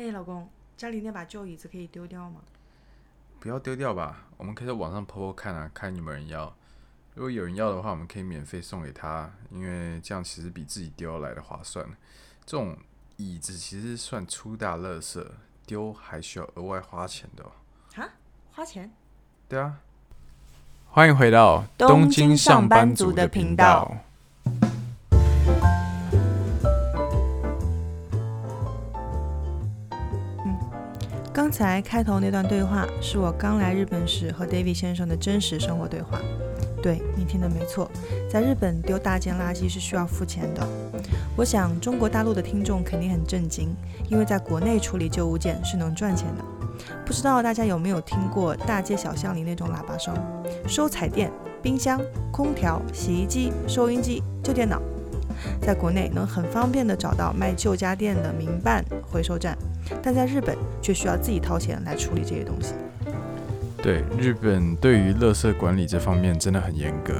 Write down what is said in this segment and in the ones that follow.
哎，嘿，老公，家裡那把舊椅子可以丟掉嗎？不要丟掉吧，我們可以在網上 PO PO 看啊，看有沒有人要。如果有人要的話，我們可以免費送給他，因為這樣其實比自己丟來的划算。這種椅子其實算粗大垃圾，丟還需要額外花錢的哦、喔。啊，花錢？對啊。歡迎回到東京上班族的頻道。剛才開頭那段對話是我剛來日本時和 David 先生的真實生活對話。對，你聽的沒錯，在日本丟大件垃圾是需要付錢的。我想中國大陸的聽眾肯定很震驚，因為在國內處理舊物件是能賺錢的。不知道大家有沒有聽過大街小巷裡那種喇叭聲？收彩電、冰箱、空調、洗衣機、收音機、舊電腦。在國內能很方便地找到賣舊家電的民辦回收站。但在日本卻需要自己掏錢來處理這些東西。對，日本對於垃圾管理這方面真的很嚴格。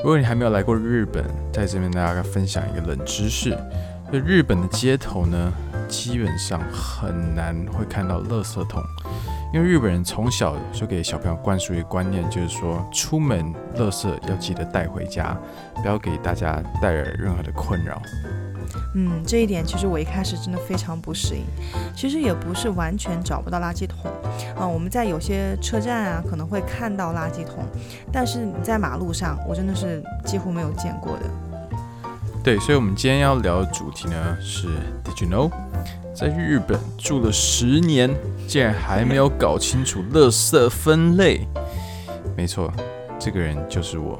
如果你還沒有來過日本，在這邊跟大家分享一個冷知識：就日本的街頭呢，基本上很難會看到垃圾桶。因為日本人從小就給小朋友灌輸一個觀念，就是說出門垃圾要記得帶回家，不要給大家帶來任何的困擾。嗯，這一點其實我一開始真的非常不適應，其實也不是完全找不到垃圾桶啊、呃。我們在有些車站啊可能會看到垃圾桶，但是你在馬路上，我真的是幾乎沒有見過的。對，所以，我們今天要聊的主題呢是 Did you know？在日本住了十年，竟然還沒有搞清楚垃圾分類？沒錯，這個人就是我，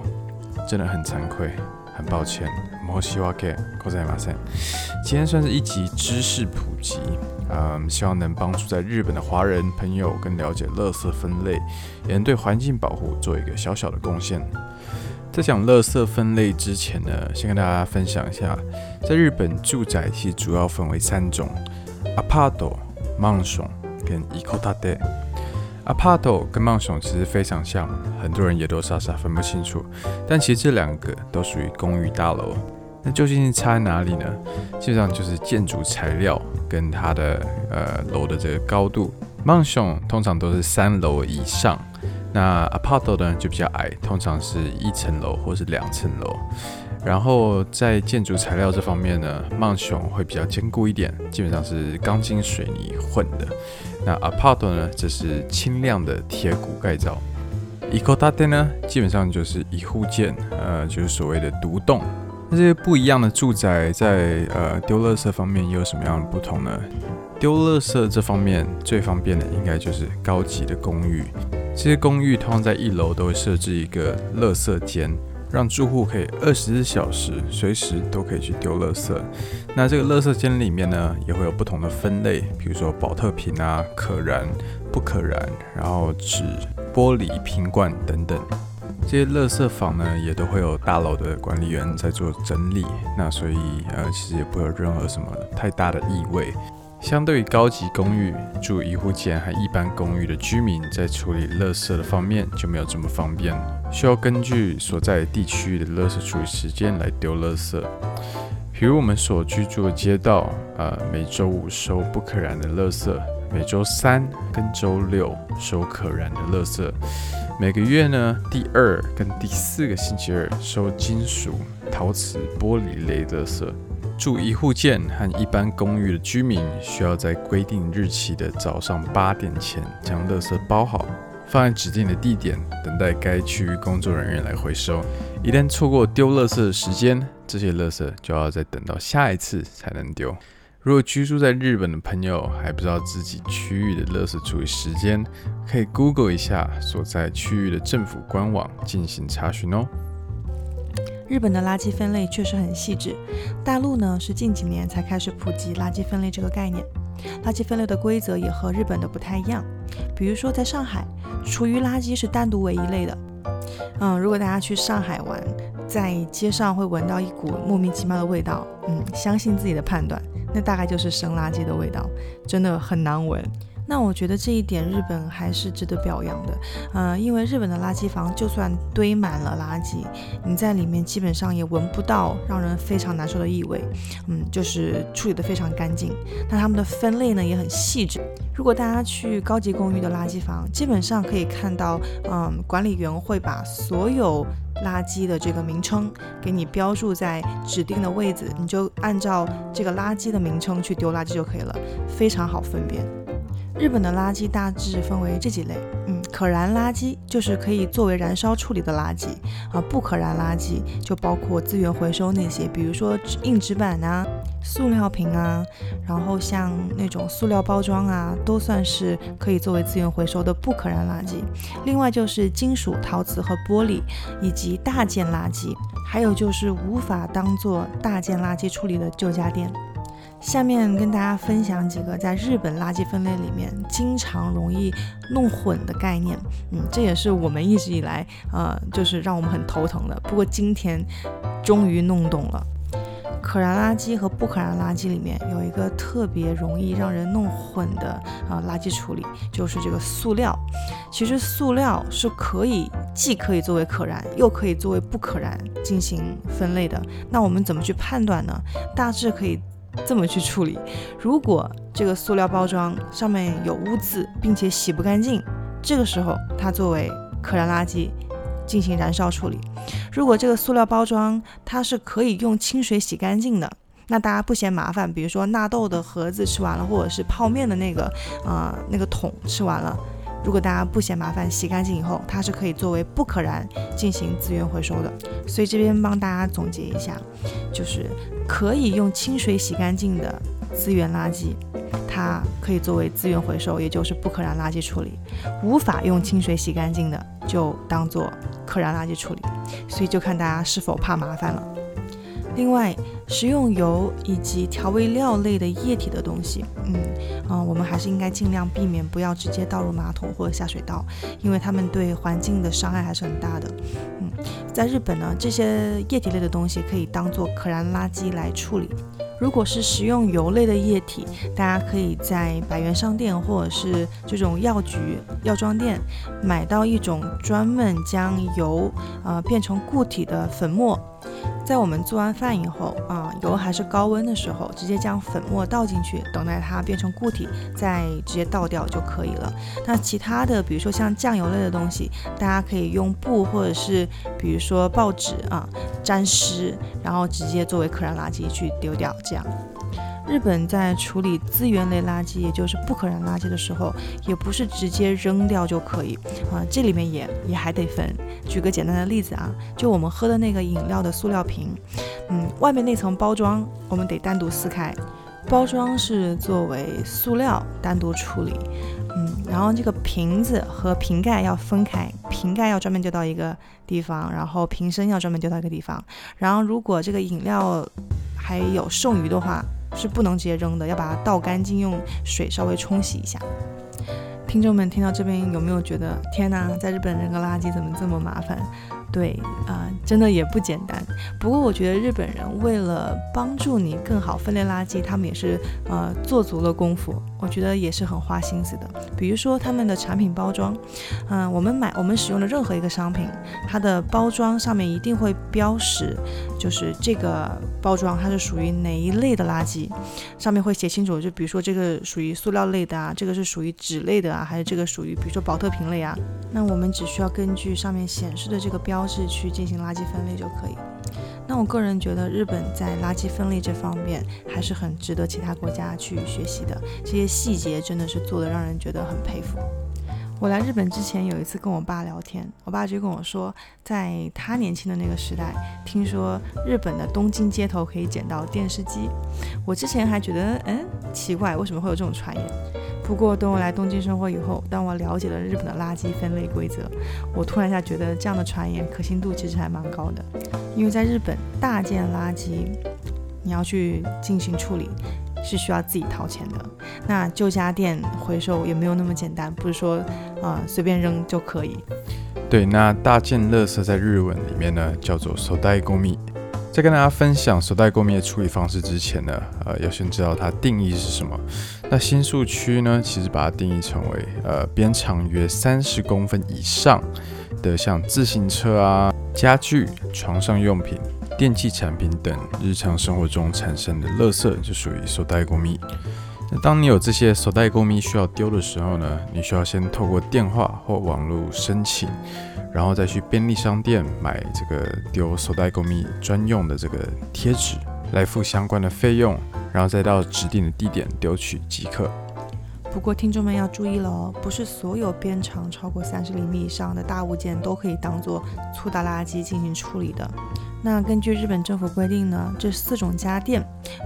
真的很慚愧，很抱歉。申し訳ございません。今天算是一集知識普及，嗯，希望能幫助在日本的華人朋友更了解垃圾分類，也能對環境保護做一個小小的貢獻。在講垃圾分類之前呢，先跟大家分享一下，在日本住宅其實主要分為三種：アパート、マンション。アパート跟マンション其實非常像，很多人也都傻傻分不清楚。但其實這兩個都屬於公寓大樓。那究竟差在哪裡呢？基本上就是建築材料跟它的呃樓的這個高度。マンション通常都是三樓以上，那アパート呢就比較矮，通常是一層樓或是兩層樓。然後在建築材料這方面呢，曼雄會比較堅固一點，基本上是鋼筋水泥混的。那 apart 呢，則是輕量的鐵骨蓋造。eco town 呢，基本上就是一戶建，呃，就是所謂的獨棟。那這些不一樣的住宅在呃丟垃圾方面又有什麼樣的不同呢？丟垃圾這方面最方便的應該就是高級的公寓。這些公寓通常在一樓都會設置一個垃圾間。讓住戶可以二十四小時隨時都可以去丟垃圾。那這個垃圾間裡面呢，也會有不同的分類，比如說保特瓶啊、可燃、不可燃，然後紙玻璃瓶罐等等。這些垃圾房呢，也都會有大樓的管理員在做整理。那所以呃，其實也不會有任何什麼太大的異味。相對於高級公寓住一戶建和一般公寓的居民，在處理垃圾的方面就沒有這麼方便，需要根據所在地區的垃圾處理時間來丟垃圾。比如我們所居住的街道，呃，每週五收不可燃的垃圾，每週三跟週六收可燃的垃圾，每個月呢，第二跟第四個星期二收金屬、陶瓷、玻璃類的垃圾。住一戶建和一般公寓的居民，需要在規定日期的早上八點前將垃圾包好，放在指定的地點，等待該區域工作人員來回收。一旦錯過丟垃圾的時間，這些垃圾就要再等到下一次才能丟。如果居住在日本的朋友還不知道自己區域的垃圾處理時間，可以 Google 一下所在區域的政府官網進行查詢哦。日本的垃圾分類確實很細緻，大陸呢是近幾年才開始普及垃圾分類這個概念，垃圾分類的規則也和日本的不太一樣。比如說在上海，廚餘垃圾是單獨為一類的。嗯，如果大家去上海玩，在街上會聞到一股莫名其妙的味道，嗯，相信自己的判斷，那大概就是生垃圾的味道，真的很難聞。那我覺得這一點日本還是值得表揚的，嗯、呃，因為日本的垃圾房就算堆滿了垃圾，你在裡面基本上也聞不到讓人非常難受的異味，嗯，就是處理得非常乾淨。那他們的分類呢也很細緻。如果大家去高級公寓的垃圾房，基本上可以看到，嗯、呃，管理員會把所有垃圾的這個名稱給你標註在指定的位置，你就按照這個垃圾的名稱去丟垃圾就可以了，非常好分辨。日本的垃圾大致分為這幾類，嗯，可燃垃圾就是可以作為燃燒處理的垃圾啊，不可燃垃圾就包括資源回收那些，比如說硬紙板啊、塑料瓶啊，然後像那種塑料包裝啊，都算是可以作為資源回收的不可燃垃圾。另外就是金屬、陶瓷和玻璃，以及大件垃圾，還有就是無法當作大件垃圾處理的舊家電。下面跟大家分享幾個在日本垃圾分類裡面經常容易弄混的概念，嗯，這也是我們一直以來，呃，就是讓我們很頭疼的。不過今天終於弄懂了。可燃垃圾和不可燃垃圾裡面有一個特別容易讓人弄混的啊、呃，垃圾處理就是這個塑料。其實塑料是可以，既可以作為可燃，又可以作為不可燃進行分類的。那我們怎麼去判斷呢？大致可以。這麼去處理，如果這個塑料包裝上面有污漬，並且洗不乾淨，這個時候它作為可燃垃圾進行燃燒處理。如果這個塑料包裝它是可以用清水洗乾淨的，那大家不嫌麻煩，比如說納豆的盒子吃完了，或者是泡麵的那個啊、呃、那個桶吃完了。如果大家不嫌麻煩，洗乾淨以後，它是可以作為不可燃進行資源回收的。所以這邊幫大家總結一下，就是可以用清水洗乾淨的資源垃圾，它可以作為資源回收，也就是不可燃垃圾處理。無法用清水洗乾淨的，就當做可燃垃圾處理。所以就看大家是否怕麻煩了。另外，食用油以及調味料類的液體的東西，嗯啊、呃，我們還是應該盡量避免，不要直接倒入馬桶或者下水道，因為它們對環境的傷害還是很大的。嗯，在日本呢，這些液體類的東西可以當做可燃垃圾來處理。如果是食用油類的液體，大家可以在百元商店或者是這種藥局、藥妝店買到一種專門將油啊、呃、變成固體的粉末。在我們做完飯以後，啊，油還是高溫的時候，直接將粉末倒進去，等待它變成固體，再直接倒掉就可以了。那其他的，比如說像醬油類的東西，大家可以用布或者是，比如說報紙啊，沾濕，然後直接作為可燃垃圾去丟掉，這樣。日本在處理資源類垃圾，也就是不可燃垃圾的時候，也不是直接扔掉就可以啊。這裡面也也還得分。舉個簡單的例子啊，就我們喝的那個飲料的塑料瓶，嗯，外面那層包裝我們得單獨撕開，包裝是作為塑料單獨處理，嗯。然後這個瓶子和瓶蓋要分開，瓶蓋要專門丟到一個地方，然後瓶身要專門丟到一個地方。然後如果這個飲料還有剩餘的話，是不能直接扔的，要把它倒乾淨，用水稍微沖洗一下。聽眾們聽到這邊有沒有覺得，天哪，在日本扔個垃圾怎麼這麼麻煩？對啊、呃，真的也不簡單。不過我覺得日本人為了幫助你更好分類垃圾，他們也是呃做足了功夫。我覺得也是很花心思的。比如說他們的產品包裝，嗯、呃，我們買我們使用的任何一個商品，它的包裝上面一定會標識，就是這個包裝它是屬於哪一類的垃圾，上面會寫清楚。就比如說這個屬於塑料類的啊，這個是屬於紙類的啊，還是這個屬於比如說寶特瓶類啊？那我們只需要根據上面顯示的這個標。方式去進行垃圾分類就可以。那我個人覺得，日本在垃圾分類這方面還是很值得其他國家去學習的。這些細節真的是做得讓人覺得很佩服。我來日本之前有一次跟我爸聊天，我爸就跟我說，在他年輕的那個時代，聽說日本的東京街頭可以撿到電視機。我之前還覺得嗯奇怪，為什麼會有這種傳言？不過，等我來東京生活以後，當我了解了日本的垃圾分類規則，我突然一下覺得這樣的傳言可信度其實還蠻高的。因為在日本，大件垃圾你要去進行處理，是需要自己掏錢的。那舊家電回收也沒有那麼簡單，不是說啊、呃、隨便扔就可以。對，那大件垃圾在日文裡面呢，叫做“粗大ゴミ”。在跟大家分享粗大ゴミ的處理方式之前呢，呃，要先知道它的定義是什麼。那新宿區呢，其實把它定義成為，呃，邊長約三十公分以上的，像自行車啊、家具、床上用品、電器產品等日常生活中產生的垃圾，就屬於粗大ゴミ。當你有這些粗大ごみ需要丟的時候呢，你需要先透過電話或網絡申請，然後再去便利商店買這個丟粗大ごみ專用的這個貼紙，來付相關的費用，然後再到指定的地點丟取即可。不過聽眾們要注意了哦，不是所有邊長超過三十釐米以上的大物件都可以當做粗大垃圾進行處理的。那根據日本政府規定呢，這四種家電，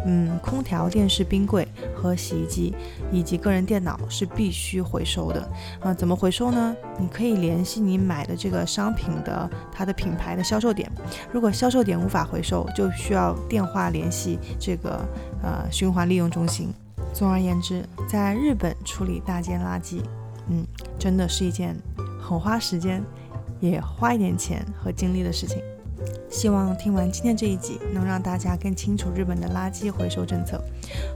嗯，空調、電視、冰櫃和洗衣機，以及個人電腦是必須回收的。啊、呃，怎麼回收呢？你可以聯繫你買的這個商品的，它的品牌的銷售點，如果銷售點無法回收，就需要電話聯繫這個呃循環利用中心。總而言之，在日本處理大件垃圾，嗯，真的是一件很花時間、也花一點錢和精力的事情。希望聽完今天這一集，能讓大家更清楚日本的垃圾回收政策。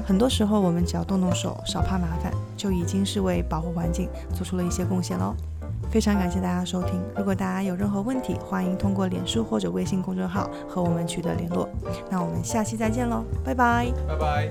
很多時候，我們只要動動手，少怕麻煩，就已經是為保護環境做出了一些貢獻嘍。非常感謝大家收聽，如果大家有任何問題，歡迎通過臉書或者微信公眾號和我們取得聯絡。那我們下期再見嘍，拜拜，拜拜。